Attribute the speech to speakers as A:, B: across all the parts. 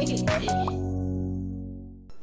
A: Hey, hey, hey.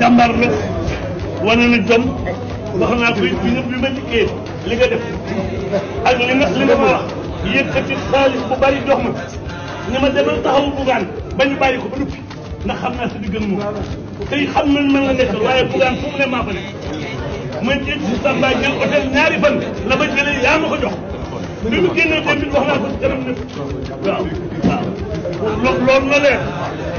A: jàmbar la wane na jom wax naa ko bi ñu bi ma dikkee li nga def ak li nga li nga ma wax yëkkati xaalis bu bari jox ma ni ma demal taxawu bugaan ba ñu bàyyi ko ba nuppi ndax xam naa sa diggan moom tey xam nañ man la nekk waaye bugaan fu mu ne maa ko nekk ma jël si Samba jël hôtel ñaari fan la ma jëlee yaa ma ko jox bi mu génnee dem bi wax naa ko jaram ne waaw waaw loolu na leer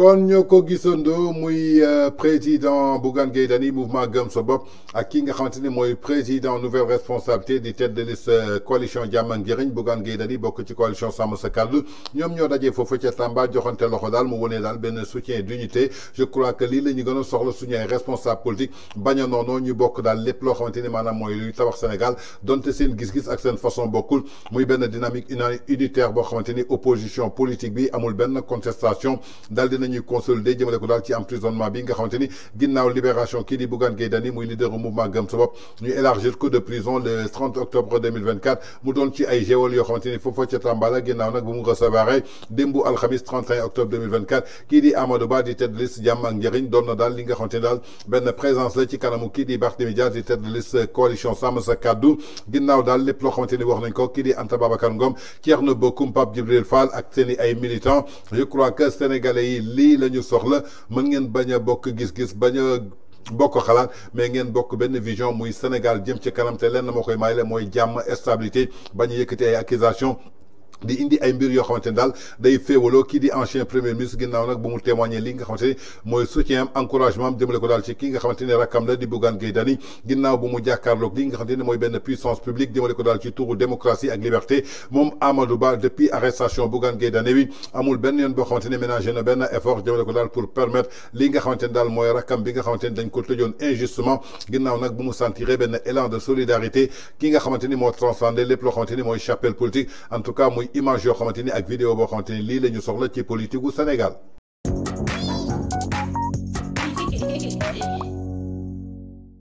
B: kon ñoo ko gisandoo muy euh, président Bougane Gueye mouvement Gëm sa ak ki nga xamanteni moy mooy président nouvelle responsabilité di tête de liste euh, coalition Jàmm ak Bougane Gueye bok ci coalition Sàmm sa Kàddu ñoo dajé fofu ci Tamba joxante loxo dal mu wone dal ben soutien d'unité je crois que li la ñu gën soxla suñu responsable politique baña nono ñu bok dal lepp lo xamanteni manam moy luy tabax Sénégal donte seen gis-gis ak seen façon bokul muy ben dynamique unitaire bo xamanteni opposition politique bi amul ben contestation dal dina ñuy consolider jëmale ko dal ci emprisonnement bi nga xamanteni ginnaw ginnaaw libération kii di Bougane Gueye Dany muy leader mouvement gam Sa ñu élargir ko de prison le 30 octobre 2024 mu don ci ay géol yo xamanteni fofu ci ca ginnaw nak bu mu recevoir démbu alxamis 31 octobre 2024 ki di Amadou Ba di tête de liste jàmm ak njëriñ doon na dal li nga xamanteni dal ben présence la ci kanamu ki di Barthélémy Dias di tête de liste coalition Sàmm Sa kaddu ginnaw dal lepp lo xamanteni wax nañ ko ki di Anta Babacar Ngom Thierno Bocoum Pape Djibril Fall ak seen ay militants je crois que sénégalais yi le la soxla mën ngeen baña a bokk gis-gis baña là xalaat mais ngeen bokk ben vision muy Sénégal jëm ci kanam té lenn ma koy maylé moy jamm stabilité bañ yëkëté ay accusation di indi ay mbir yoo xamante ne daal day féewaloo kii di ancien premier ministre ginnaaw nag bu mu témoigné li nga xamante ni mooy soutien am encouragement am jëmale ko daal ci ki nga xamante ne rakkam la di Bougane Gueye Dany ginnaaw bu mu jàkkaarloog li nga xamante ne mooy benn puissance publique jëmale ko daal ci touru démocratie ak liberté moom Amadou Ba depuis arrestation Bougane Gueye Dany bi amul benn yoon boo xamante ne ménagé na benn effort jëmale ko daal pour permettre li nga xamante ne daal mooy rakkam bi nga xamante ne dañ ko tëjoon injustement ginnaaw nag bu mu sentiré benn élan de solidarité ki nga xamante ni moo transcendé lépp loo xamante ni mooy chapelle politique en tout cas muy mooy image yoo xamante ni ak vidéo boo xamante ni lii la ñu soxla ci politique gu Sénégal